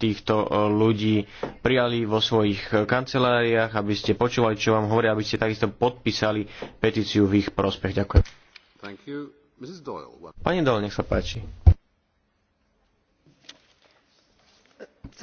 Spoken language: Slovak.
týchto e, ľudí prijali vo svojich e, kanceláriách, aby ste počúvali, čo vám hovoria, aby ste takisto podpísali petíciu v ich prospech. Ďakujem. Pani Doyle, nech sa páči.